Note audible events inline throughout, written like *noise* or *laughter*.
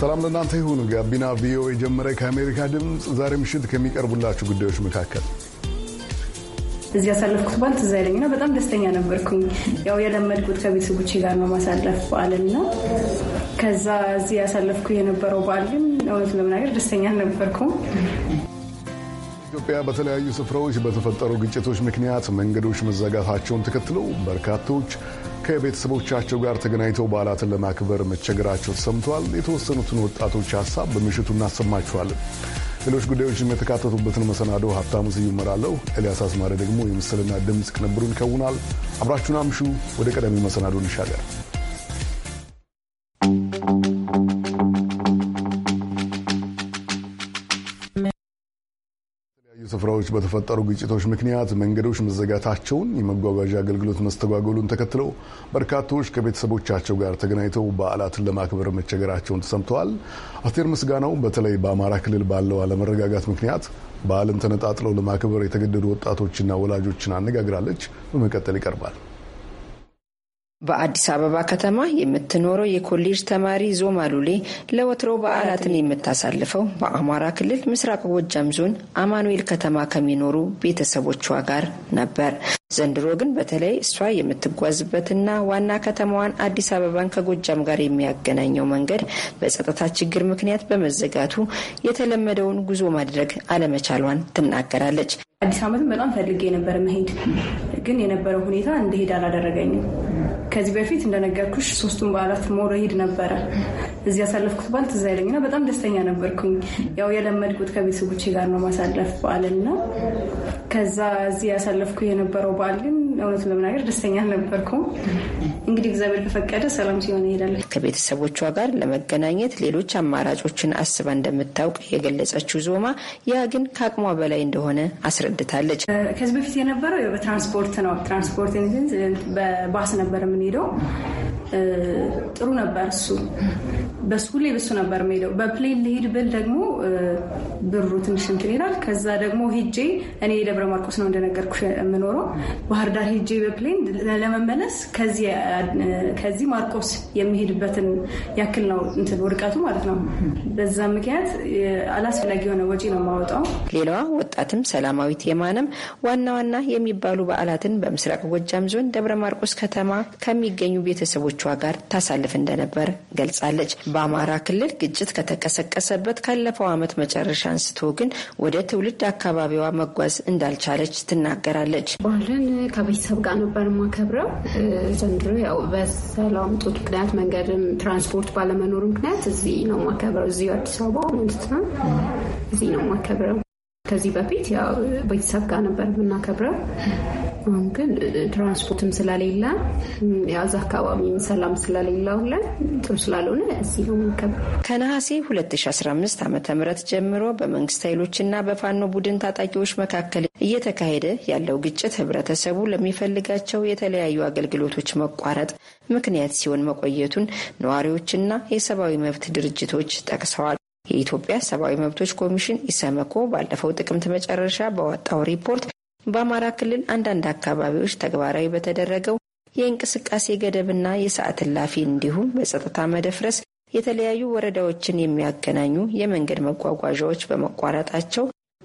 ሰላም ለእናንተ ይሁን። ጋቢና ቪኦኤ ጀመረ። ከአሜሪካ ድምፅ ዛሬ ምሽት ከሚቀርቡላችሁ ጉዳዮች መካከል እዚህ ያሳለፍኩት በዓል ትዝ አይለኝና በጣም ደስተኛ ነበርኩኝ። ያው የለመድኩት ከቤተሰቦቼ ጋር ነው ማሳለፍ በዓልና ከዛ እዚህ ያሳለፍኩ የነበረው በዓል ግን እውነቱን ለመናገር ደስተኛ አልነበርኩም። በኢትዮጵያ በተለያዩ ስፍራዎች በተፈጠሩ ግጭቶች ምክንያት መንገዶች መዘጋታቸውን ተከትሎ በርካቶች ከቤተሰቦቻቸው ጋር ተገናኝተው በዓላትን ለማክበር መቸገራቸው ተሰምተዋል። የተወሰኑትን ወጣቶች ሀሳብ በምሽቱ እናሰማችኋለን። ሌሎች ጉዳዮችም የተካተቱበትን መሰናዶ ሀብታሙ ስዩም እመራለሁ። ኤልያስ አስማሪ ደግሞ የምስልና ድምፅ ቅንብሩን ይከውናል። አብራችሁን አምሹ። ወደ ቀዳሚው መሰናዶ እንሻገር። ቦታዎች በተፈጠሩ ግጭቶች ምክንያት መንገዶች መዘጋታቸውን፣ የመጓጓዣ አገልግሎት መስተጓጎሉን ተከትለው በርካቶች ከቤተሰቦቻቸው ጋር ተገናኝተው በዓላትን ለማክበር መቸገራቸውን ተሰምተዋል። አስቴር ምስጋናው በተለይ በአማራ ክልል ባለው አለመረጋጋት ምክንያት በዓልን ተነጣጥለው ለማክበር የተገደዱ ወጣቶችና ወላጆችን አነጋግራለች። በመቀጠል ይቀርባል። በአዲስ አበባ ከተማ የምትኖረው የኮሌጅ ተማሪ ዞማ ሉሌ ለወትሮ በዓላትን የምታሳልፈው በአማራ ክልል ምስራቅ ጎጃም ዞን አማኑኤል ከተማ ከሚኖሩ ቤተሰቦቿ ጋር ነበር። ዘንድሮ ግን በተለይ እሷ የምትጓዝበትና ዋና ከተማዋን አዲስ አበባን ከጎጃም ጋር የሚያገናኘው መንገድ በጸጥታ ችግር ምክንያት በመዘጋቱ የተለመደውን ጉዞ ማድረግ አለመቻሏን ትናገራለች። አዲስ ዓመትን በጣም ፈልጌ የነበረ መሄድ ግን የነበረው ሁኔታ እንደሄድ አላደረገኝም። ከዚህ በፊት እንደነገርኩሽ ሶስቱን በዓላት ሞሮ ሄድ ነበረ እዚህ ያሳለፍኩት በዓል ትዝ አይለኝና በጣም ደስተኛ ነበርኩኝ። ያው የለመድኩት ከቤተሰቦቼ ጋር ነው ማሳለፍ በዓልና ከዛ እዚህ ያሳለፍኩ የነበረው በዓል ግን እውነቱ ለመናገር ደስተኛ አልነበርኩም። እንግዲህ እግዚአብሔር ከፈቀደ ሰላም ሲሆን ይሄዳለን። ከቤተሰቦቿ ጋር ለመገናኘት ሌሎች አማራጮችን አስባ እንደምታውቅ የገለጸችው ዞማ ያ ግን ከአቅሟ በላይ እንደሆነ አስረድታለች። ከዚህ በፊት የነበረው በትራንስፖርት ነው። ትራንስፖርት በባስ ነበር የምንሄደው ጥሩ ነበር። እሱ በሱ ብሱ ነበር የምሄደው። በፕሌን ልሄድ ብል ደግሞ ብሩ ትንሽ እንትን ይላል። ከዛ ደግሞ ሄጄ እኔ የደብረ ማርቆስ ነው እንደነገርኩ የምኖረው ባህር ዳር ሄጄ በፕሌን ለመመለስ ከዚህ ማርቆስ የሚሄድበትን ያክል ነው እንትን ውድቀቱ ማለት ነው። በዛ ምክንያት አላስፈላጊ የሆነ ወጪ ነው የማወጣው። ሌላዋ ወጣትም ሰላማዊት የማነም ዋና ዋና የሚባሉ በዓላትን በምስራቅ ጎጃም ዞን ደብረ ማርቆስ ከተማ ከሚገኙ ቤተሰቦች ከልጆቿ ጋር ታሳልፍ እንደነበር ገልጻለች። በአማራ ክልል ግጭት ከተቀሰቀሰበት ካለፈው ዓመት መጨረሻ አንስቶ ግን ወደ ትውልድ አካባቢዋ መጓዝ እንዳልቻለች ትናገራለች። በዓልን ከቤተሰብ ጋር ነበር ማከብረው። ዘንድሮ ያው በሰላም እጦት ምክንያት መንገድም ትራንስፖርት ባለመኖሩ ምክንያት እዚህ ነው ማከብረው፣ እዚሁ አዲስ አበባ ማለት ነው። እዚህ ነው ማከብረው። ከዚህ በፊት ያው ቤተሰብ ጋር ነበር የምናከብረው። አሁን ግን ትራንስፖርትም ስለሌለ ያዝ አካባቢ ሰላም ስለሌለው ላይ ጥሩ ስላልሆነ እዚህ ነው የምንከብረው። ከነሐሴ 2015 ዓ ም ጀምሮ በመንግስት ኃይሎችና በፋኖ ቡድን ታጣቂዎች መካከል እየተካሄደ ያለው ግጭት ህብረተሰቡ ለሚፈልጋቸው የተለያዩ አገልግሎቶች መቋረጥ ምክንያት ሲሆን መቆየቱን ነዋሪዎችና የሰብአዊ መብት ድርጅቶች ጠቅሰዋል። የኢትዮጵያ ሰብአዊ መብቶች ኮሚሽን ኢሰመኮ ባለፈው ጥቅምት መጨረሻ በወጣው ሪፖርት በአማራ ክልል አንዳንድ አካባቢዎች ተግባራዊ በተደረገው የእንቅስቃሴ ገደብና የሰዓት እላፊ እንዲሁም በጸጥታ መደፍረስ የተለያዩ ወረዳዎችን የሚያገናኙ የመንገድ መጓጓዣዎች በመቋረጣቸው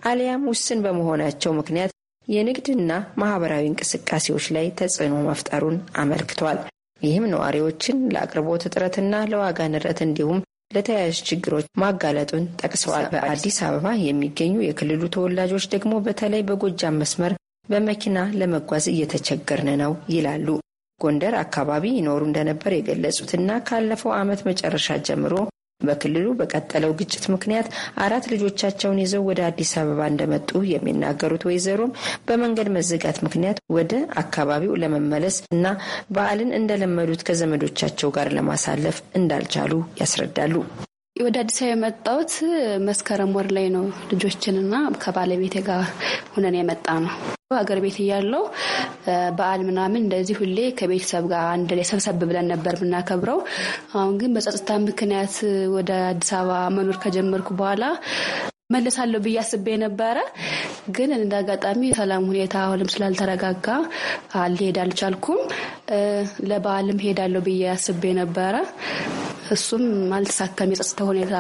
አሊያም ውስን በመሆናቸው ምክንያት የንግድና ማህበራዊ እንቅስቃሴዎች ላይ ተጽዕኖ መፍጠሩን አመልክቷል። ይህም ነዋሪዎችን ለአቅርቦት እጥረትና ለዋጋ ንረት እንዲሁም ለተያያዥ ችግሮች ማጋለጡን ጠቅሰዋል። በአዲስ አበባ የሚገኙ የክልሉ ተወላጆች ደግሞ በተለይ በጎጃም መስመር በመኪና ለመጓዝ እየተቸገርን ነው ይላሉ። ጎንደር አካባቢ ይኖሩ እንደነበር የገለጹትና ካለፈው ዓመት መጨረሻ ጀምሮ በክልሉ በቀጠለው ግጭት ምክንያት አራት ልጆቻቸውን ይዘው ወደ አዲስ አበባ እንደመጡ የሚናገሩት ወይዘሮም በመንገድ መዘጋት ምክንያት ወደ አካባቢው ለመመለስ እና በዓልን እንደለመዱት ከዘመዶቻቸው ጋር ለማሳለፍ እንዳልቻሉ ያስረዳሉ። ወደ አዲስ አበባ የመጣሁት መስከረም ወር ላይ ነው። ልጆችንና ከባለቤቴ ጋር ሁነን የመጣ ነው። ሀገር ቤት እያለው በዓል ምናምን እንደዚህ ሁሌ ከቤተሰብ ጋር አንድ ላይ ሰብሰብ ብለን ነበር የምናከብረው። አሁን ግን በጸጥታ ምክንያት ወደ አዲስ አበባ መኖር ከጀመርኩ በኋላ መልሳለሁ ብዬ አስቤ ነበረ። ግን እንደ አጋጣሚ የሰላም ሁኔታ አሁንም ስላልተረጋጋ ሊሄድ አልቻልኩም። ለበዓልም ሄዳለሁ ብዬ አስቤ ነበረ። እሱም አልተሳካም። የጸጥታ ሁኔታ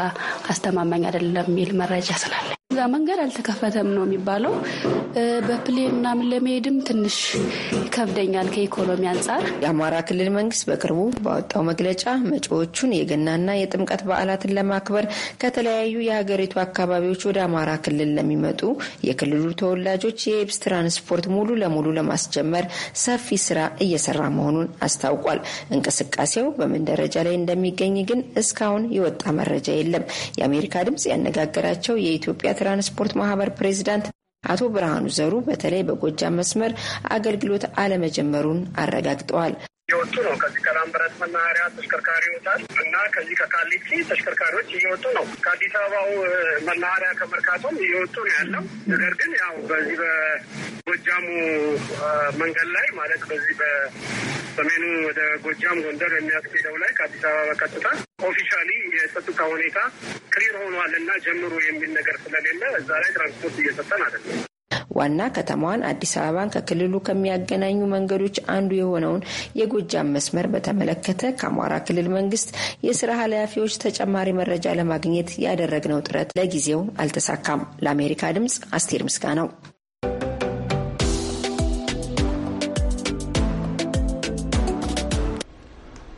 አስተማማኝ አይደለም የሚል መረጃ ስላለ እዛ መንገድ አልተከፈተም ነው የሚባለው። በፕሌን ምናምን ለመሄድም ትንሽ ይከብደኛል ከኢኮኖሚ አንጻር። የአማራ ክልል መንግስት በቅርቡ ባወጣው መግለጫ መጪዎቹን የገናና የጥምቀት በዓላትን ለማክበር ከተለያዩ የሀገሪቱ አካባቢዎች ወደ አማራ ክልል ለሚመጡ የክልሉ ተወላጆች የኤብስ ትራንስፖርት ሙሉ ለሙሉ ለማስጀመር ሰፊ ስራ እየሰራ መሆኑን አስታውቋል። እንቅስቃሴው በምን ደረጃ ላይ እንደሚገኝ ግን እስካሁን የወጣ መረጃ የለም። የአሜሪካ ድምጽ ያነጋገራቸው የኢትዮጵያ ትራንስፖርት ማህበር ፕሬዚዳንት አቶ ብርሃኑ ዘሩ በተለይ በጎጃም መስመር አገልግሎት አለመጀመሩን አረጋግጠዋል። እየወጡ ነው። ከዚህ ከላምበረት መናኸሪያ ተሽከርካሪ ይወጣል እና ከዚህ ከካሊቲ ተሽከርካሪዎች እየወጡ ነው። ከአዲስ አበባው መናኸሪያ ከመርካቶም እየወጡ ነው ያለው። ነገር ግን ያው በዚህ በጎጃሙ መንገድ ላይ ማለት በዚህ በሰሜኑ ወደ ጎጃም ጎንደር የሚያስኬደው ላይ ከአዲስ አበባ በቀጥታ ኦፊሻሊ የጸጥታ ሁኔታ ክሊር ሆኗል እና ጀምሮ የሚል ነገር ስለሌለ እዛ ላይ ትራንስፖርት እየሰጠን አይደለም። ዋና ከተማዋን አዲስ አበባን ከክልሉ ከሚያገናኙ መንገዶች አንዱ የሆነውን የጎጃም መስመር በተመለከተ ከአማራ ክልል መንግስት የስራ ኃላፊዎች ተጨማሪ መረጃ ለማግኘት ያደረግነው ጥረት ለጊዜው አልተሳካም። ለአሜሪካ ድምፅ አስቴር ምስጋናው።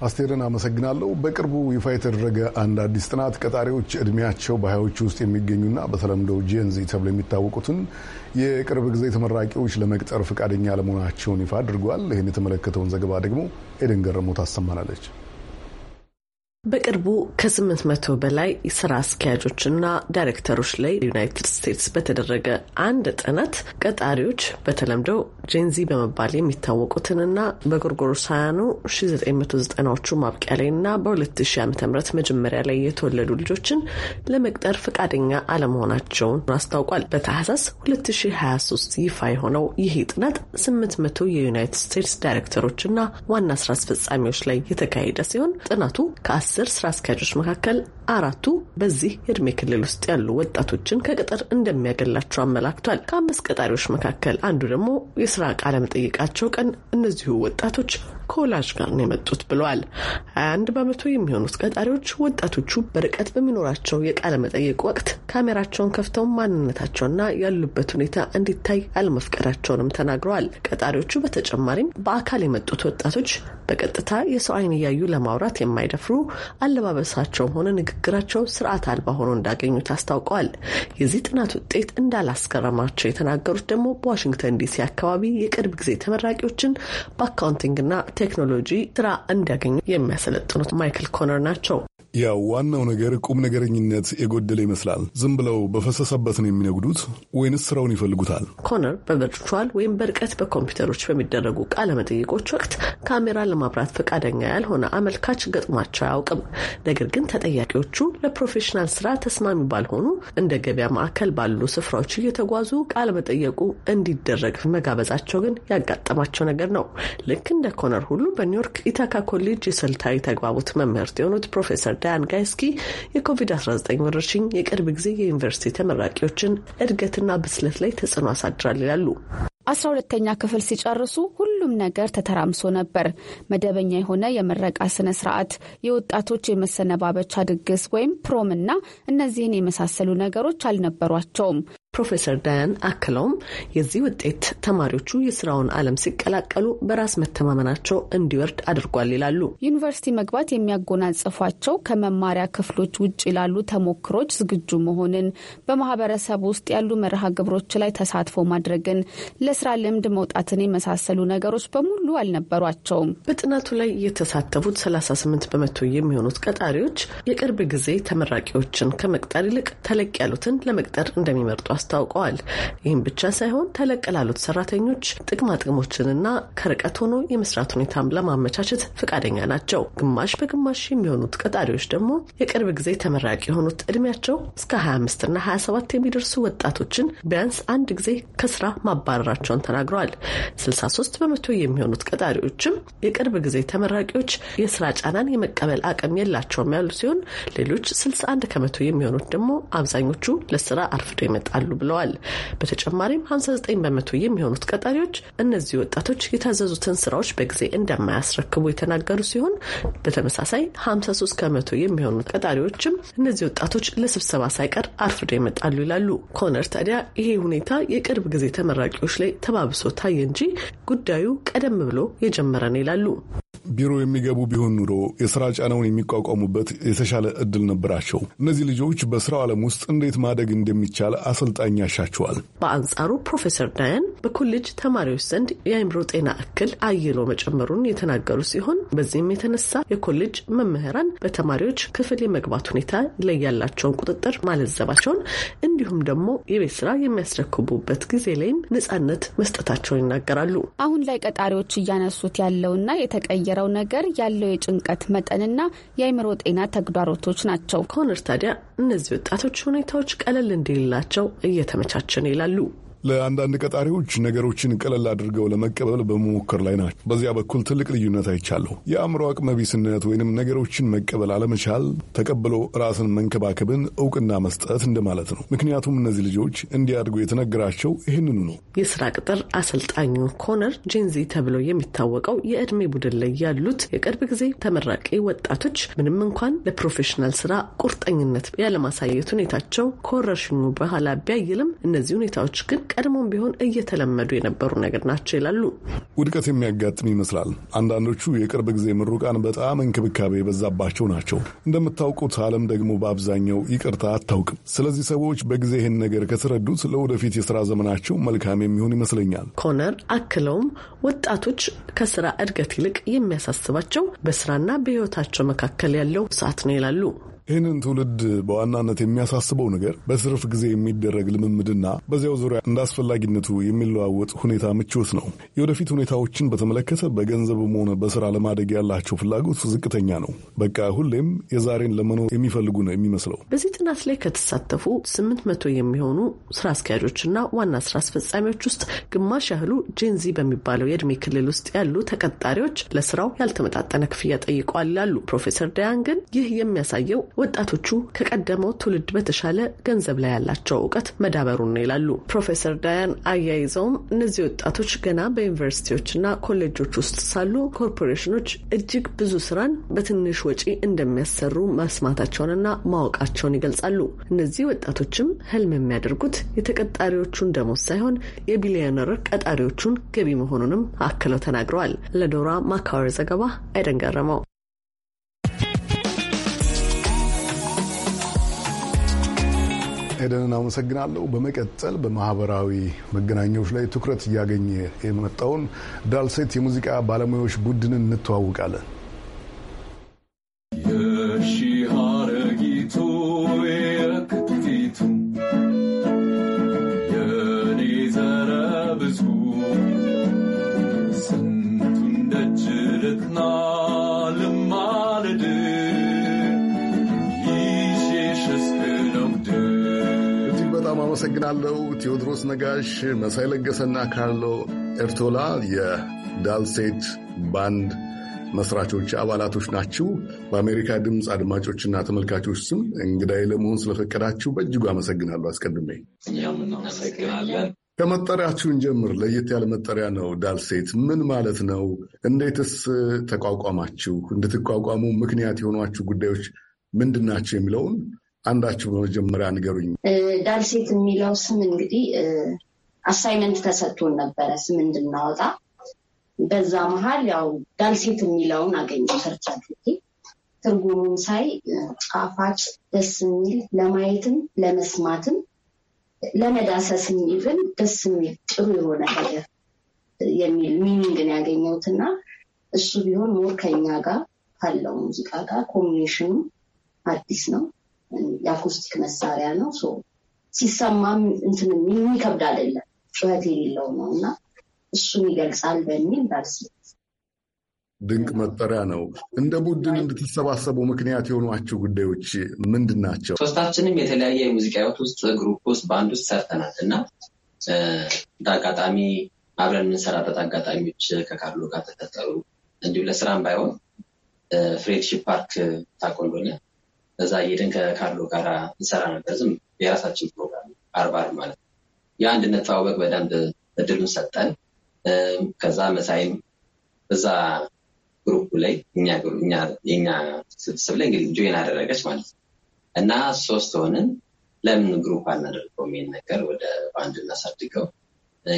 አስቴርን አመሰግናለሁ። በቅርቡ ይፋ የተደረገ አንድ አዲስ ጥናት ቀጣሪዎች እድሜያቸው በሀያዎች ውስጥ የሚገኙና በተለምዶ ጄንዚ ተብሎ የሚታወቁትን የቅርብ ጊዜ ተመራቂዎች ለመቅጠር ፈቃደኛ አለመሆናቸውን ይፋ አድርጓል። ይህን የተመለከተውን ዘገባ ደግሞ ኤደን ገረሞ ታሰማናለች። በቅርቡ ከ መቶ በላይ ስራ አስኪያጆችና ዳይሬክተሮች ላይ ዩናይትድ ስቴትስ በተደረገ አንድ ጥናት ቀጣሪዎች በተለምደው ጄንዚ በመባል የሚታወቁትንና በጎርጎሮሳውያኑ 1990ዎቹ ማብቂያ ላይ እና በ2000 ዓ.ም መጀመሪያ ላይ የተወለዱ ልጆችን ለመቅጠር ፈቃደኛ አለመሆናቸውን አስታውቋል። በታህሳስ 2023 ይፋ የሆነው ይህ ጥናት 800 የዩናይትድ ስቴትስ ዳይሬክተሮች ና ዋና ስራ አስፈጻሚዎች ላይ የተካሄደ ሲሆን ጥናቱ ከአስር ስራ አስኪያጆች መካከል አራቱ በዚህ የእድሜ ክልል ውስጥ ያሉ ወጣቶችን ከቅጥር እንደሚያገላቸው አመላክቷል። ከአምስት ቀጣሪዎች መካከል አንዱ ደግሞ የ ለስራ ቃለመጠይቃቸው ቀን እነዚሁ ወጣቶች ከወላጅ ጋር ነው የመጡት ብለዋል። 21 በመቶ የሚሆኑት ቀጣሪዎች ወጣቶቹ በርቀት በሚኖራቸው የቃለ መጠየቅ ወቅት ካሜራቸውን ከፍተው ማንነታቸውና ያሉበት ሁኔታ እንዲታይ አለመፍቀዳቸውንም ተናግረዋል። ቀጣሪዎቹ በተጨማሪም በአካል የመጡት ወጣቶች በቀጥታ የሰው ዓይን እያዩ ለማውራት የማይደፍሩ፣ አለባበሳቸውም ሆነ ንግግራቸው ስርዓት አልባ ሆኖ እንዳገኙት አስታውቀዋል። የዚህ ጥናት ውጤት እንዳላስገረማቸው የተናገሩት ደግሞ በዋሽንግተን ዲሲ አካባቢ የቅርብ ጊዜ ተመራቂዎችን በአካውንቲንግና ቴክኖሎጂ ስራ እንዲያገኙ የሚያሰለጥኑት ማይክል ኮነር ናቸው። ያው ዋናው ነገር ቁም ነገረኝነት የጎደለ ይመስላል። ዝም ብለው በፈሰሰበት ነው የሚነግዱት ወይንስ ስራውን ይፈልጉታል? ኮነር በቨርቹዋል ወይም በርቀት በኮምፒውተሮች በሚደረጉ ቃለመጠይቆች ወቅት ካሜራ ለማብራት ፈቃደኛ ያልሆነ አመልካች ገጥሟቸው አያውቅም። ነገር ግን ተጠያቂዎቹ ለፕሮፌሽናል ስራ ተስማሚ ባልሆኑ እንደ ገበያ ማዕከል ባሉ ስፍራዎች እየተጓዙ ቃለመጠየቁ እንዲደረግ መጋበዛቸው ግን ያጋጠማቸው ነገር ነው። ልክ እንደ ኮነር ሁሉ በኒውዮርክ ኢታካ ኮሌጅ የስልታዊ ተግባቦት መምህርት የሆኑት ፕሮፌሰር ጋይስኪ የኮቪድ-19 ወረርሽኝ የቅርብ ጊዜ የዩኒቨርሲቲ ተመራቂዎችን እድገትና ብስለት ላይ ተጽዕኖ አሳድራል ይላሉ። አስራ ሁለተኛ ክፍል ሲጨርሱ ሁሉም ነገር ተተራምሶ ነበር። መደበኛ የሆነ የምረቃ ስነ ስርዓት፣ የወጣቶች የመሰነባበቻ ድግስ ወይም ፕሮም እና እነዚህን የመሳሰሉ ነገሮች አልነበሯቸውም። ፕሮፌሰር ዳያን አክለውም የዚህ ውጤት ተማሪዎቹ የስራውን ዓለም ሲቀላቀሉ በራስ መተማመናቸው እንዲወርድ አድርጓል ይላሉ። ዩኒቨርሲቲ መግባት የሚያጎናጽፏቸው ከመማሪያ ክፍሎች ውጭ ላሉ ተሞክሮች ዝግጁ መሆንን፣ በማህበረሰብ ውስጥ ያሉ መርሃ ግብሮች ላይ ተሳትፎ ማድረግን፣ ለስራ ልምድ መውጣትን የመሳሰሉ ነገሮች በሙሉ አልነበሯቸውም። በጥናቱ ላይ የተሳተፉት 38 በመቶ የሚሆኑት ቀጣሪዎች የቅርብ ጊዜ ተመራቂዎችን ከመቅጠር ይልቅ ተለቅ ያሉትን ለመቅጠር እንደሚመርጧል አስታውቀዋል። ይህም ብቻ ሳይሆን ተለቅ ላሉት ሰራተኞች ጥቅማ ጥቅሞችንና ከርቀት ሆኖ የመስራት ሁኔታም ለማመቻቸት ፈቃደኛ ናቸው። ግማሽ በግማሽ የሚሆኑት ቀጣሪዎች ደግሞ የቅርብ ጊዜ ተመራቂ የሆኑት እድሜያቸው እስከ 25 እና 27 የሚደርሱ ወጣቶችን ቢያንስ አንድ ጊዜ ከስራ ማባረራቸውን ተናግረዋል። 63 በመቶ የሚሆኑት ቀጣሪዎችም የቅርብ ጊዜ ተመራቂዎች የስራ ጫናን የመቀበል አቅም የላቸውም ያሉ ሲሆን ሌሎች 61 ከመቶ የሚሆኑት ደግሞ አብዛኞቹ ለስራ አርፍዶ ይመጣሉ ይችላሉ ብለዋል። በተጨማሪም 59 በመቶ የሚሆኑት ቀጣሪዎች እነዚህ ወጣቶች የታዘዙትን ስራዎች በጊዜ እንደማያስረክቡ የተናገሩ ሲሆን በተመሳሳይ 53 ከመቶ የሚሆኑት ቀጣሪዎችም እነዚህ ወጣቶች ለስብሰባ ሳይቀር አርፍዶ ይመጣሉ ይላሉ። ኮነር ታዲያ ይሄ ሁኔታ የቅርብ ጊዜ ተመራቂዎች ላይ ተባብሶ ታየ እንጂ ጉዳዩ ቀደም ብሎ የጀመረ ነው ይላሉ። ቢሮ የሚገቡ ቢሆን ኑሮ የስራ ጫናውን የሚቋቋሙበት የተሻለ እድል ነበራቸው። እነዚህ ልጆች በስራው ዓለም ውስጥ እንዴት ማደግ እንደሚቻል አሰልጣኝ ያሻቸዋል። በአንጻሩ ፕሮፌሰር ዳያን በኮሌጅ ተማሪዎች ዘንድ የአእምሮ ጤና እክል አይሎ መጨመሩን የተናገሩ ሲሆን በዚህም የተነሳ የኮሌጅ መምህራን በተማሪዎች ክፍል የመግባት ሁኔታ ላይ ያላቸውን ቁጥጥር ማለዘባቸውን እንዲሁም ደግሞ የቤት ስራ የሚያስረክቡበት ጊዜ ላይም ነጻነት መስጠታቸውን ይናገራሉ። አሁን ላይ ቀጣሪዎች እያነሱት ያለውና የተቀየ የሚነገረው ነገር ያለው የጭንቀት መጠንና የአይምሮ ጤና ተግዳሮቶች ናቸው። ኮነር ታዲያ እነዚህ ወጣቶች ሁኔታዎች ቀለል እንዲልላቸው እየተመቻቸን ይላሉ። ለአንዳንድ ቀጣሪዎች ነገሮችን ቀለል አድርገው ለመቀበል በመሞከር ላይ ናቸው። በዚያ በኩል ትልቅ ልዩነት አይቻለሁ። የአእምሮ አቅመቢስነት ወይንም ነገሮችን መቀበል አለመቻል ተቀብሎ ራስን መንከባከብን እውቅና መስጠት እንደማለት ነው። ምክንያቱም እነዚህ ልጆች እንዲያድጉ የተነገራቸው ይህንኑ ነው። የስራ ቅጥር አሰልጣኙ ኮነር ጄንዚ ተብሎ የሚታወቀው የእድሜ ቡድን ላይ ያሉት የቅርብ ጊዜ ተመራቂ ወጣቶች ምንም እንኳን ለፕሮፌሽናል ስራ ቁርጠኝነት ያለማሳየት ሁኔታቸው ከወረርሽኙ በኋላ ቢያይልም እነዚህ ሁኔታዎች ግን ቀድሞም ቢሆን እየተለመዱ የነበሩ ነገር ናቸው ይላሉ። ውድቀት የሚያጋጥም ይመስላል። አንዳንዶቹ የቅርብ ጊዜ ምሩቃን በጣም እንክብካቤ የበዛባቸው ናቸው። እንደምታውቁት ዓለም ደግሞ በአብዛኛው ይቅርታ አታውቅም። ስለዚህ ሰዎች በጊዜ ይህን ነገር ከተረዱት ለወደፊት የስራ ዘመናቸው መልካም የሚሆን ይመስለኛል። ኮነር አክለውም ወጣቶች ከስራ እድገት ይልቅ የሚያሳስባቸው በስራና በህይወታቸው መካከል ያለው ሰዓት ነው ይላሉ። ይህንን ትውልድ በዋናነት የሚያሳስበው ነገር በስርፍ ጊዜ የሚደረግ ልምምድና በዚያው ዙሪያ እንደ አስፈላጊነቱ የሚለዋወጥ ሁኔታ ምቾት ነው። የወደፊት ሁኔታዎችን በተመለከተ በገንዘብም ሆነ በስራ ለማደግ ያላቸው ፍላጎት ዝቅተኛ ነው። በቃ ሁሌም የዛሬን ለመኖር የሚፈልጉ ነው የሚመስለው። በዚህ ጥናት ላይ ከተሳተፉ ስምንት መቶ የሚሆኑ ስራ አስኪያጆችና ዋና ስራ አስፈጻሚዎች ውስጥ ግማሽ ያህሉ ጄንዚ በሚባለው የእድሜ ክልል ውስጥ ያሉ ተቀጣሪዎች ለስራው ያልተመጣጠነ ክፍያ ጠይቋል ይላሉ ፕሮፌሰር ዳያን ግን ይህ የሚያሳየው ወጣቶቹ ከቀደመው ትውልድ በተሻለ ገንዘብ ላይ ያላቸው እውቀት መዳበሩን ነው ይላሉ ፕሮፌሰር ዳያን። አያይዘውም እነዚህ ወጣቶች ገና በዩኒቨርሲቲዎችና ኮሌጆች ውስጥ ሳሉ ኮርፖሬሽኖች እጅግ ብዙ ስራን በትንሽ ወጪ እንደሚያሰሩ መስማታቸውንና ማወቃቸውን ይገልጻሉ። እነዚህ ወጣቶችም ህልም የሚያደርጉት የተቀጣሪዎቹን ደሞዝ ሳይሆን የቢሊዮነር ቀጣሪዎቹን ገቢ መሆኑንም አክለው ተናግረዋል። ለዶራ ማካወር ዘገባ አይደንገረመው ኤደንን አመሰግናለሁ። በመቀጠል በማህበራዊ መገናኛዎች ላይ ትኩረት እያገኘ የመጣውን ዳልሴት የሙዚቃ ባለሙያዎች ቡድንን እንተዋውቃለን። ቴዎድሮስ ነጋሽ፣ መሳይ ለገሰና ካርሎ ኤርቶላ የዳልሴት ባንድ መስራቾች አባላቶች ናችሁ። በአሜሪካ ድምፅ አድማጮችና ተመልካቾች ስም እንግዳይ ለመሆን ስለፈቀዳችሁ በእጅጉ አመሰግናለሁ። አስቀድሜ ከመጠሪያችሁን ጀምር። ለየት ያለ መጠሪያ ነው። ዳልሴት ምን ማለት ነው? እንዴትስ ተቋቋማችሁ? እንድትቋቋሙ ምክንያት የሆኗችሁ ጉዳዮች ምንድን ናቸው? የሚለውን አንዳችሁ በመጀመሪያ ንገሩኝ። ዳርሴት የሚለው ስም እንግዲህ አሳይመንት ተሰጥቶን ነበረ ስም እንድናወጣ። በዛ መሀል ያው ዳልሴት የሚለውን አገኘው ሰርች አድርጌ ትርጉሙን ሳይ ጣፋጭ፣ ደስ የሚል ለማየትም ለመስማትም ለመዳሰስ ይብን ደስ የሚል ጥሩ የሆነ ነገር የሚል ሚኒንግን ያገኘሁትና እሱ ቢሆን ሞር ከኛ ጋር ካለው ሙዚቃ ጋር ኮምቢኔሽኑ አዲስ ነው። የአኩስቲክ መሳሪያ ነው። ሲሰማም እንትን የሚከብድ አይደለም፣ ጩኸት የሌለው ነው እና እሱን ይገልጻል በሚል በርስ ድንቅ መጠሪያ ነው። እንደ ቡድን እንድትሰባሰቡ ምክንያት የሆኗቸው ጉዳዮች ምንድን ናቸው? ሶስታችንም የተለያየ የሙዚቃ ህይወት ውስጥ ግሩፕ ውስጥ በአንድ ውስጥ ሰርተናል እና እንደ አጋጣሚ አብረን የምንሰራበት አጋጣሚዎች ከካርሎ ጋር ተፈጠሩ። እንዲሁም ለስራም ባይሆን ፍሬድሺፕ ፓርክ ታቆሎለ እዛ እየሄድን ከካርሎ ጋር እንሰራ ነበር። ዝም የራሳችን ፕሮግራም አርባ አርብ ማለት ነው። የአንድነት ተዋወቅ በደንብ እድሉን ሰጠን። ከዛ መሳይም እዛ ግሩፕ ላይ የኛ ስብስብ ላይ እንግዲህ ጆይን አደረገች ማለት ነው እና ሶስት ሆንን። ለምን ግሩፕ አናደርገው የሚል ነገር ወደ ባንድ እናሳድገው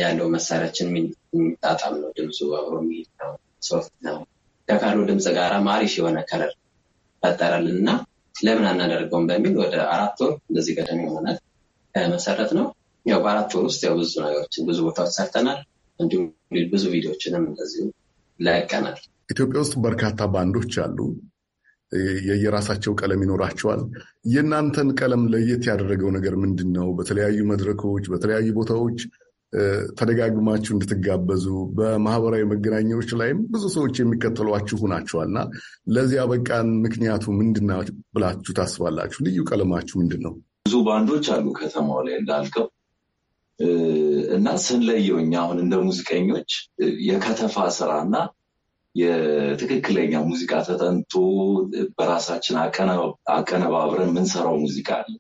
ያለው መሳሪያችን የሚጣጣም ነው። ድምፁ አብሮ የሚሄድ ነው። ሶፍት ነው። ከካሉ ድምፅ ጋር ማሪሽ የሆነ ከለር ፈጠረልን እና ለምን አናደርገውም በሚል ወደ አራት ወር እንደዚህ ገደም የሆነ መሰረት ነው። ያው በአራት ወር ውስጥ ያው ብዙ ነገሮችን ብዙ ቦታዎች ሰርተናል። እንዲሁም ብዙ ቪዲዮችንም እንደዚሁ ለቀናል። ኢትዮጵያ ውስጥ በርካታ ባንዶች አሉ። የየራሳቸው ቀለም ይኖራቸዋል። የእናንተን ቀለም ለየት ያደረገው ነገር ምንድን ነው? በተለያዩ መድረኮች፣ በተለያዩ ቦታዎች ተደጋግማችሁ እንድትጋበዙ በማህበራዊ መገናኛዎች ላይም ብዙ ሰዎች የሚከተሏችሁ ናቸዋልና ለዚያ በቃን ምክንያቱ ምንድና ብላችሁ ታስባላችሁ? ልዩ ቀለማችሁ ምንድን ነው? ብዙ ባንዶች አሉ ከተማው ላይ እንዳልከው እና ስንለየው እኛ አሁን እንደ ሙዚቀኞች የከተፋ ስራ እና የትክክለኛ ሙዚቃ ተጠንቶ በራሳችን አቀነባብረን የምንሰራው ሙዚቃ አለ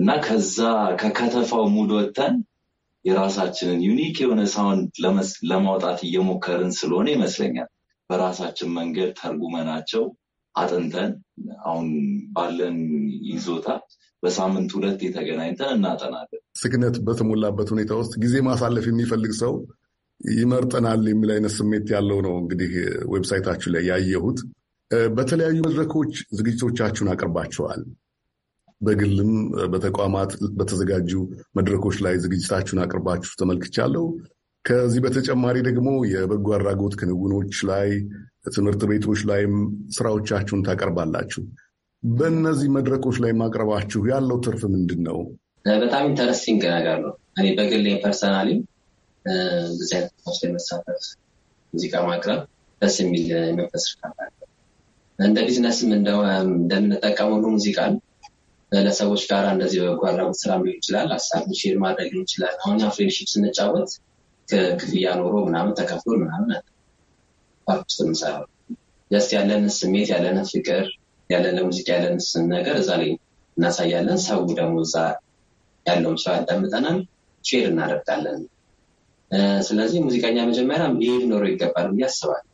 እና ከዛ ከከተፋው ሙድ ወጥተን የራሳችንን ዩኒክ የሆነ ሳውንድ ለማውጣት እየሞከርን ስለሆነ ይመስለኛል በራሳችን መንገድ ተርጉመናቸው አጥንተን አሁን ባለን ይዞታ በሳምንት ሁለት የተገናኝተን እናጠናለን። ስክነት በተሞላበት ሁኔታ ውስጥ ጊዜ ማሳለፍ የሚፈልግ ሰው ይመርጠናል የሚል አይነት ስሜት ያለው ነው። እንግዲህ ዌብሳይታችሁ ላይ ያየሁት በተለያዩ መድረኮች ዝግጅቶቻችሁን አቅርባችኋል። በግልም በተቋማት በተዘጋጁ መድረኮች ላይ ዝግጅታችሁን አቅርባችሁ ተመልክቻለሁ። ከዚህ በተጨማሪ ደግሞ የበጎ አድራጎት ክንውኖች ላይ፣ ትምህርት ቤቶች ላይም ስራዎቻችሁን ታቀርባላችሁ። በእነዚህ መድረኮች ላይ ማቅረባችሁ ያለው ትርፍ ምንድን ነው? በጣም ኢንተረስቲንግ ነገር ነው። እኔ በግል ፐርሰናሊ እንደዚህ አይነት ቦች መሳተፍ፣ ሙዚቃ ማቅረብ ደስ የሚል መንፈስ እርካታ እንደ ቢዝነስም እንደምንጠቀሙ ሙዚቃን ለሰዎች ጋር እንደዚህ በጎ አድራጎት ስራ ሊሆን ይችላል፣ ሀሳብ ሼር ማድረግ ሊሆን ይችላል። አሁን ፍሬንድሺፕ ስንጫወት ክፍያ ኖሮ ምናምን ተከፍሎ ምናምን ፓርክ ውስጥ ደስ ያለን ስሜት ያለን ፍቅር ያለን ለሙዚቃ ያለን ነገር እዛ ላይ እናሳያለን። ሰው ደግሞ እዛ ያለውን ሰው ያዳምጠናል፣ ሼር እናደርጋለን። ስለዚህ ሙዚቀኛ መጀመሪያ ሊሄድ ኖሮ ይገባል ብዬ አስባለሁ።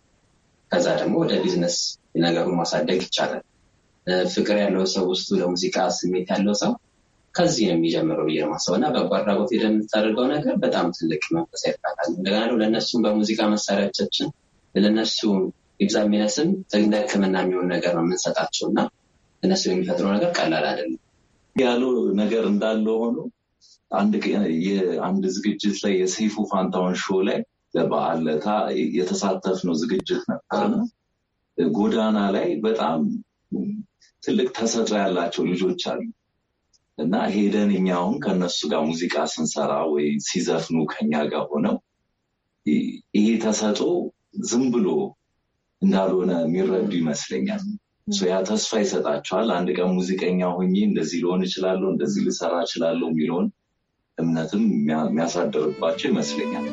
ከዛ ደግሞ ወደ ቢዝነስ ነገሩን ማሳደግ ይቻላል። ፍቅር ያለው ሰው ውስጡ ለሙዚቃ ስሜት ያለው ሰው ከዚህ ነው የሚጀምረው ብዬ ነው ማሰብ እና በጎ አድራጎት የምታደርገው ነገር በጣም ትልቅ መንፈስ ይርካታል። እንደገና ደግሞ ለእነሱም በሙዚቃ መሳሪያዎቻችን ለእነሱ ኤግዛሚነስም ሚነስም እንደ ሕክምና የሚሆን ነገር ነው የምንሰጣቸው እና እነሱ የሚፈጥረው ነገር ቀላል አይደለም ያሉ ነገር እንዳለው ሆኖ አንድ ዝግጅት ላይ የሰይፉ ፋንታውን ሾ ላይ ለበዓል ለታ የተሳተፍነው ዝግጅት ነበር። ጎዳና ላይ በጣም ትልቅ ተሰጦ ያላቸው ልጆች አሉ እና ሄደን እኛውን ከነሱ ጋር ሙዚቃ ስንሰራ ወይ ሲዘፍኑ ከኛ ጋር ሆነው ይሄ ተሰጦ ዝም ብሎ እንዳልሆነ የሚረዱ ይመስለኛል። ያ ተስፋ ይሰጣቸዋል። አንድ ቀን ሙዚቀኛ ሆኜ እንደዚህ ልሆን እችላለሁ፣ እንደዚህ ልሰራ እችላለሁ የሚለውን እምነትም የሚያሳድርባቸው ይመስለኛል።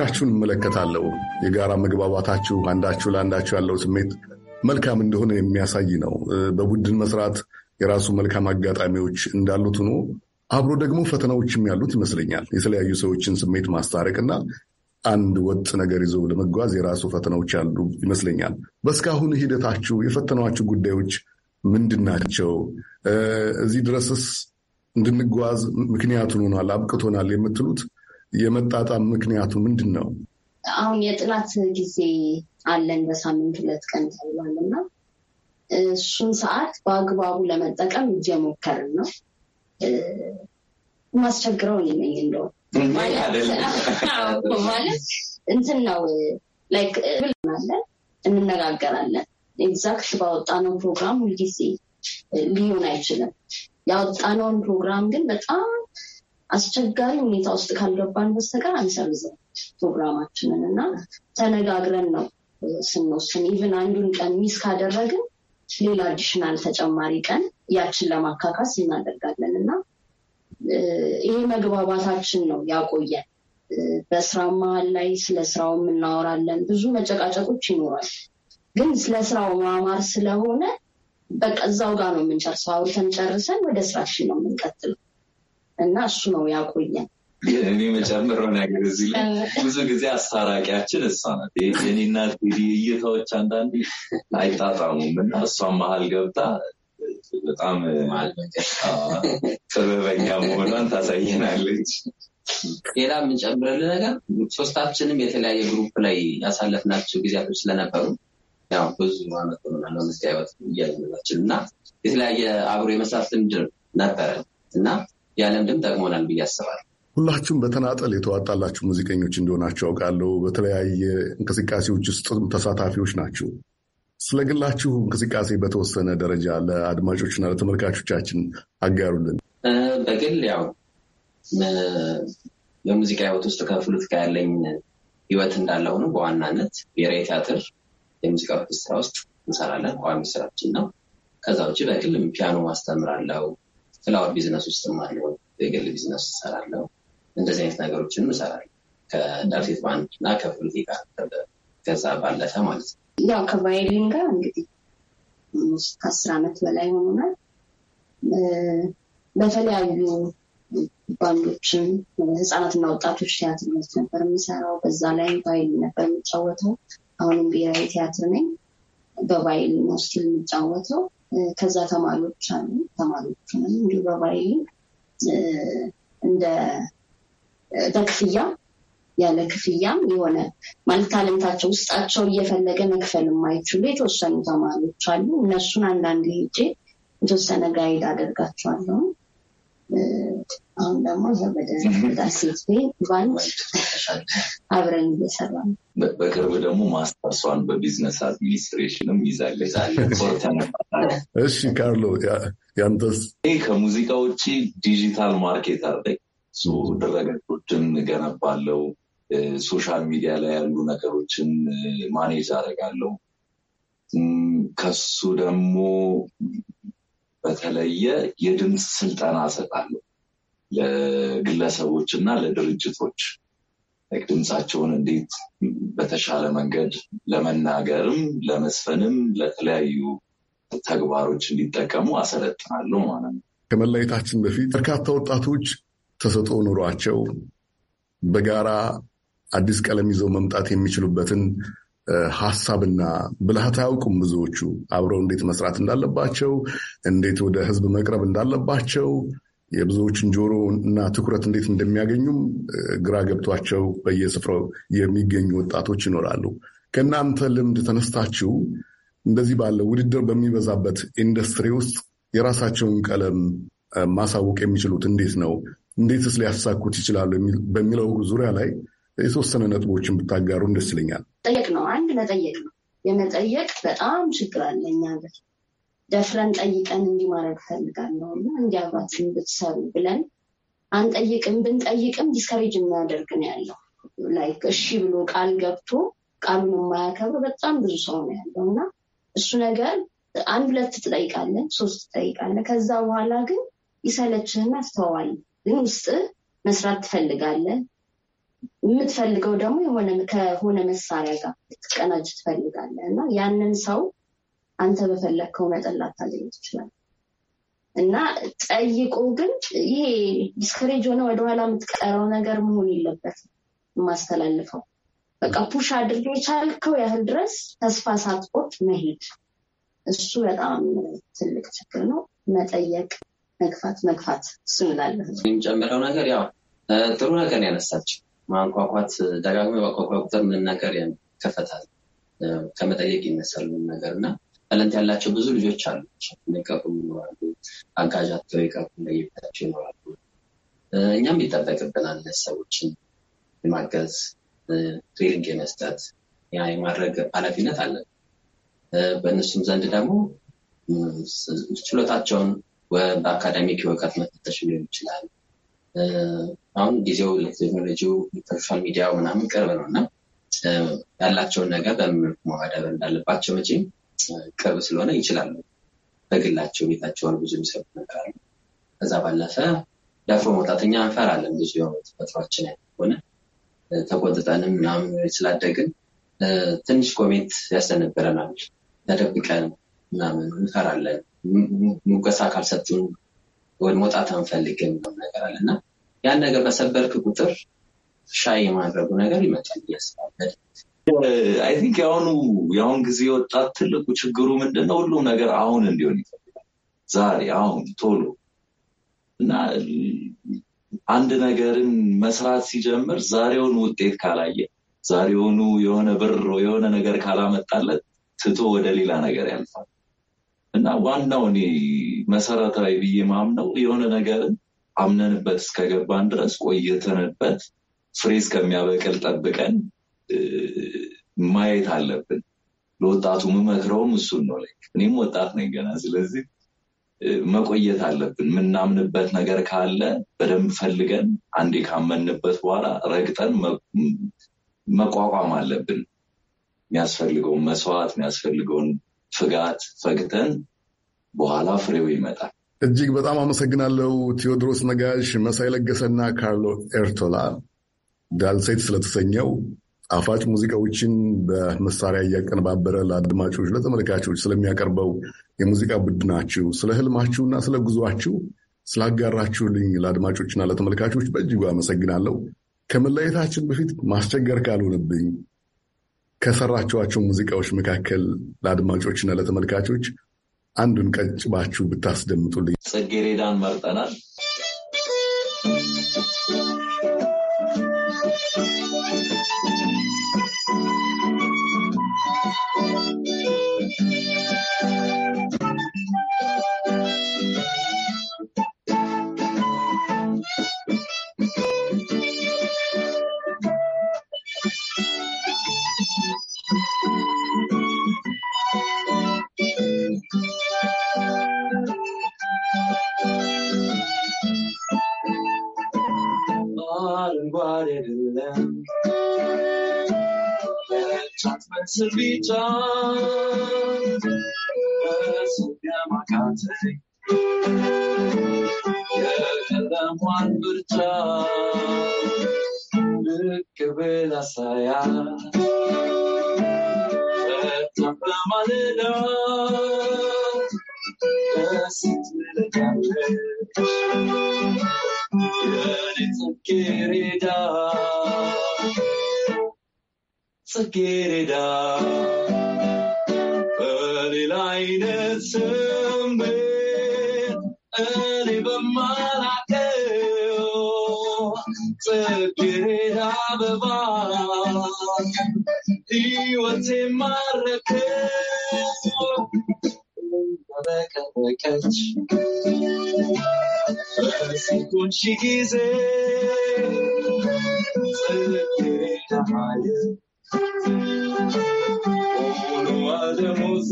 ሌሎቻችሁን እመለከታለሁ። የጋራ መግባባታችሁ፣ አንዳችሁ ለአንዳችሁ ያለው ስሜት መልካም እንደሆነ የሚያሳይ ነው። በቡድን መስራት የራሱ መልካም አጋጣሚዎች እንዳሉት ሆኖ አብሮ ደግሞ ፈተናዎችም ያሉት ይመስለኛል። የተለያዩ ሰዎችን ስሜት ማስታረቅና አንድ ወጥ ነገር ይዞ ለመጓዝ የራሱ ፈተናዎች ያሉ ይመስለኛል። በእስካሁን ሂደታችሁ የፈተናችሁ ጉዳዮች ምንድን ናቸው? እዚህ ድረስስ እንድንጓዝ ምክንያቱን ሆኗል፣ አብቅቶናል የምትሉት የመጣጣም ምክንያቱ ምንድን ነው? አሁን የጥናት ጊዜ አለን በሳምንት ሁለት ቀን ተብሏል እና እሱን ሰዓት በአግባቡ ለመጠቀም እየሞከርን ነው። ማስቸግረው እኔ ነኝ እንደው ማለት እንትን ነው ላይክ ብለናለን፣ እንነጋገራለን። ኤግዛክት ባወጣነው ፕሮግራም ሁልጊዜ ሊሆን አይችልም። ያወጣነውን ፕሮግራም ግን በጣም አስቸጋሪ ሁኔታ ውስጥ ካልገባን በስተቀር አንሰርዝም ፕሮግራማችንን እና ተነጋግረን ነው ስንወስን ኢቭን አንዱን ቀን ሚስ ካደረግን ሌላ አዲሽናል ተጨማሪ ቀን ያችን ለማካካስ እናደርጋለን እና ይሄ መግባባታችን ነው ያቆየን። በስራ መሀል ላይ ስለ ስራውም እናወራለን። ብዙ መጨቃጨቆች ይኖራል፣ ግን ስለ ስራው ማማር ስለሆነ በቃ እዛው ጋር ነው የምንጨርሰው። አውርተን ጨርሰን ወደ ስራችን ነው የምንቀጥለው። እና እሱ ነው ያቆየን። እኔ መጨምረው ነገር እዚህ ላይ ብዙ ጊዜ አስታራቂያችን እሷ ናት። እኔና ቴዲ እይታዎች አንዳንዴ አይጣጣሙም እና እሷን መሀል ገብታ በጣም ጥበበኛ መሆኗን ታሳየናለች። ሌላ የምንጨምርል ነገር ሶስታችንም የተለያየ ግሩፕ ላይ ያሳለፍናቸው ጊዜያቶች ስለነበሩ ያው ብዙ ማለት ነው መስሪያ እያለችን እና የተለያየ አብሮ የመስራት ልምድ ነበረ እና ያለም ድምፅ ጠቅሞናል ብዬ አስባለሁ። ሁላችሁም በተናጠል የተዋጣላችሁ ሙዚቀኞች እንደሆናችሁ አውቃለሁ። በተለያየ እንቅስቃሴዎች ውስጥ ተሳታፊዎች ናችሁ። ስለ ግላችሁ እንቅስቃሴ በተወሰነ ደረጃ ለአድማጮችና ለተመልካቾቻችን አጋሩልን። በግል ያው በሙዚቃ ህይወት ውስጥ ከፍሉት ጋር ያለኝ ህይወት እንዳለ ሆኖ በዋናነት ብሔራዊ ቲያትር የሙዚቃ ኦርኬስትራ ውስጥ እንሰራለን። ቋሚ ስራችን ነው። ከዛ ውጭ በግል ፒያኖ አለው። ፍላወር ቢዝነስ ውስጥም አለው የግል ቢዝነስ እሰራለሁ። እንደዚህ አይነት ነገሮችን እሰራለሁ ከዳርሴት ባንድ እና ከፍሉቴ ጋር ከዛ ባለፈ ማለት ነው። ያው ከቫይሊን ጋር እንግዲህ ከአስር ዓመት በላይ ሆኖናል። በተለያዩ ባንዶችን ህፃናትና ወጣቶች ቲያትር ቤት ነበር የሚሰራው። በዛ ላይ ቫይሊን ነበር የሚጫወተው። አሁንም ብሔራዊ ቲያትር ነኝ። በቫይሊን ውስጥ የሚጫወተው ከዛ ተማሪዎች አሉ። ተማሪዎችንም እንዲሁ በባይል እንደ በክፍያ ያለ ክፍያም የሆነ ማለት ታለንታቸው ውስጣቸው እየፈለገ መክፈል የማይችሉ የተወሰኑ ተማሪዎች አሉ። እነሱን አንዳንድ ሄጄ የተወሰነ ጋይድ አደርጋቸዋለሁ። አሁን ደግሞ ዘመደዛ ሴት ቤት ባንድ አብረን እየሰራ ነው። በቅርብ ደግሞ ማስተርሷን በቢዝነስ አድሚኒስትሬሽንም ይዛለች። *laughs* እሺ ካርሎ ያንተስ? ይህ ከሙዚቃ ውጭ ዲጂታል ማርኬት አለ ድረገጦችን እገነባለው፣ ሶሻል ሚዲያ ላይ ያሉ ነገሮችን ማኔጅ አደርጋለሁ። ከሱ ደግሞ በተለየ የድምፅ ስልጠና እሰጣለሁ ለግለሰቦች እና ለድርጅቶች ድምፃቸውን እንዴት በተሻለ መንገድ ለመናገርም ለመስፈንም ለተለያዩ ተግባሮች እንዲጠቀሙ አሰለጥናለሁ ማለት ነው። ከመለየታችን በፊት በርካታ ወጣቶች ተሰጦ ኑሯቸው በጋራ አዲስ ቀለም ይዘው መምጣት የሚችሉበትን ሀሳብና ብልሃት አያውቁም። ብዙዎቹ አብረው እንዴት መስራት እንዳለባቸው፣ እንዴት ወደ ህዝብ መቅረብ እንዳለባቸው፣ የብዙዎችን ጆሮ እና ትኩረት እንዴት እንደሚያገኙም ግራ ገብቷቸው በየስፍራው የሚገኙ ወጣቶች ይኖራሉ። ከእናንተ ልምድ ተነስታችሁ እንደዚህ ባለ ውድድር በሚበዛበት ኢንዱስትሪ ውስጥ የራሳቸውን ቀለም ማሳወቅ የሚችሉት እንዴት ነው? እንዴትስ ሊያሳኩት ይችላሉ? በሚለው ዙሪያ ላይ የተወሰነ ነጥቦችን ብታጋሩ ደስ ይለኛል። ጠየቅ ነው አንድ መጠየቅ ነው። የመጠየቅ በጣም ችግር አለኛ ነገር ደፍረን ጠይቀን እንዲማረግ ማድረግ ፈልጋለሁ እና እንዲህ ብትሰሩ ብለን አንጠይቅም። ብንጠይቅም ዲስከሬጅ የሚያደርግ ነው ያለው። ላይክ እሺ ብሎ ቃል ገብቶ ቃሉን የማያከብር በጣም ብዙ ሰው ነው ያለው እና እሱ ነገር አንድ ሁለት ትጠይቃለህ፣ ሶስት ትጠይቃለህ። ከዛ በኋላ ግን ይሰለችህና ትተዋለህ። ግን ውስጥ መስራት ትፈልጋለን የምትፈልገው ደግሞ የሆነ ከሆነ መሳሪያ ጋር ትቀናጅ ትፈልጋለ እና ያንን ሰው አንተ በፈለግከው መጠን ላታገኝ ትችላል። እና ጠይቆ ግን ይሄ ዲስከሬጅ ሆነ ወደኋላ የምትቀረው ነገር መሆን የለበት የማስተላልፈው በቃ ፑሽ አድርጌ የቻልከው ያህል ድረስ ተስፋ ሳትቆርጥ መሄድ፣ እሱ በጣም ትልቅ ችግር ነው። መጠየቅ፣ መግፋት መግፋት እሱ ምላለ የሚጨምረው ነገር ያው ጥሩ ነገር ያነሳችው ማንኳኳት ደጋግሞ ባንኳኳ ቁጥር ምን ነገር ይከፈታል፣ ከመጠየቅ ይነሳል ምን ነገር እና ታለንት ያላቸው ብዙ ልጆች አሉ። የሚቀሩ ይኖራሉ፣ አጋዣቸው ይቀቁ ለይታቸው ይኖራሉ። እኛም ይጠበቅብናል ሰዎችን የማገዝ ትሬኒንግ የመስጠት ያ የማድረግ ኃላፊነት አለ በእነሱም ዘንድ ደግሞ ችሎታቸውን በአካዳሚክ እውቀት መፈተሽ ሊሆን ይችላል። አሁን ጊዜው ለቴክኖሎጂው ሶሻል ሚዲያ ምናምን ቅርብ ነው እና ያላቸውን ነገር በምን መልኩ ማዳበር እንዳለባቸው መቼም ቅርብ ስለሆነ ይችላሉ። በግላቸው ቤታቸውን ብዙ የሚሰሩ ነገር አለ። ከዛ ባለፈ ደፍሮ መውጣተኛ እንፈራለን። ብዙ የሆኑ ተፈጥሯችን ሆነ ተቆጥጠንም ምናምን ስላደግን ትንሽ ኮሜንት ያስተነብረናል። ተደብቀን ምናምን እንፈራለን። ሙገሳ ካልሰጡን ወደ መውጣት አንፈልግም ነገር አለ እና ያን ነገር በሰበርክ ቁጥር ሻይ የማድረጉ ነገር ይመጣል እያስባበት አይ ቲንክ የአሁኑ የአሁን ጊዜ ወጣት ትልቁ ችግሩ ምንድን ነው? ሁሉም ነገር አሁን እንዲሆን ይፈልጋል። ዛሬ፣ አሁን፣ ቶሎ እና አንድ ነገርን መስራት ሲጀምር ዛሬውን ውጤት ካላየ ዛሬውኑ የሆነ ብር የሆነ ነገር ካላመጣለት ትቶ ወደ ሌላ ነገር ያልፋል እና ዋናው እኔ መሰረታዊ ብዬ ማምነው የሆነ ነገርን አምነንበት እስከገባን ድረስ ቆይተንበት ፍሬ እስከሚያበቅል ጠብቀን ማየት አለብን። ለወጣቱ የምመክረውም እሱን ነው። እኔም ወጣት ነኝ ገና። ስለዚህ መቆየት አለብን። የምናምንበት ነገር ካለ በደንብ ፈልገን አንዴ ካመንበት በኋላ ረግጠን መቋቋም አለብን። የሚያስፈልገውን መስዋዕት፣ የሚያስፈልገውን ፍጋት ፈግተን በኋላ ፍሬው ይመጣል። እጅግ በጣም አመሰግናለሁ ቴዎድሮስ ነጋሽ፣ መሳይ ለገሰና ካርሎ ኤርቶላ ዳልሴት ስለተሰኘው ጣፋጭ ሙዚቃዎችን በመሳሪያ እያቀነባበረ ለአድማጮች ለተመልካቾች ስለሚያቀርበው የሙዚቃ ቡድናችሁ ስለ ህልማችሁና ስለ ጉዟችሁ ስላጋራችሁልኝ ለአድማጮችና ለተመልካቾች በእጅጉ አመሰግናለሁ። ከመለየታችን በፊት ማስቸገር ካልሆነብኝ ከሰራችኋቸው ሙዚቃዎች መካከል ለአድማጮችና ለተመልካቾች አንዱን ቀጭባችሁ ብታስደምጡልኝ። ጽጌሬዳን መርጠናል። Thank you. to be done. Words them I can't take. የቀለሟን ምርጫ ብቅ ብላ ሳያ በጣም በማለዳ ስትልቃለች የኔ ጽጌሬዳ så gør det da. Er det lejne som ved, er det hvor meget er så gør det da bevare. De var til Marrakesh, Catch. ሙሴ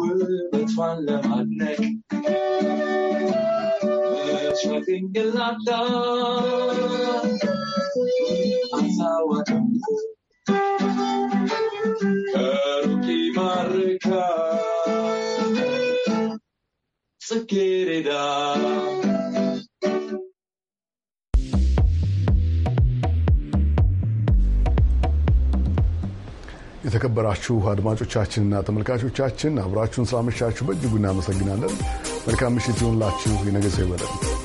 ውበቷን ለማድነቅ በሸፍንግላዳ አሳወቅም ከሩቅ የተከበራችሁ አድማጮቻችንና ተመልካቾቻችን አብራችሁን ስላመሻችሁ በእጅጉ እናመሰግናለን። መልካም ምሽት ይሁንላችሁ። የነገ ሰው ይበለን።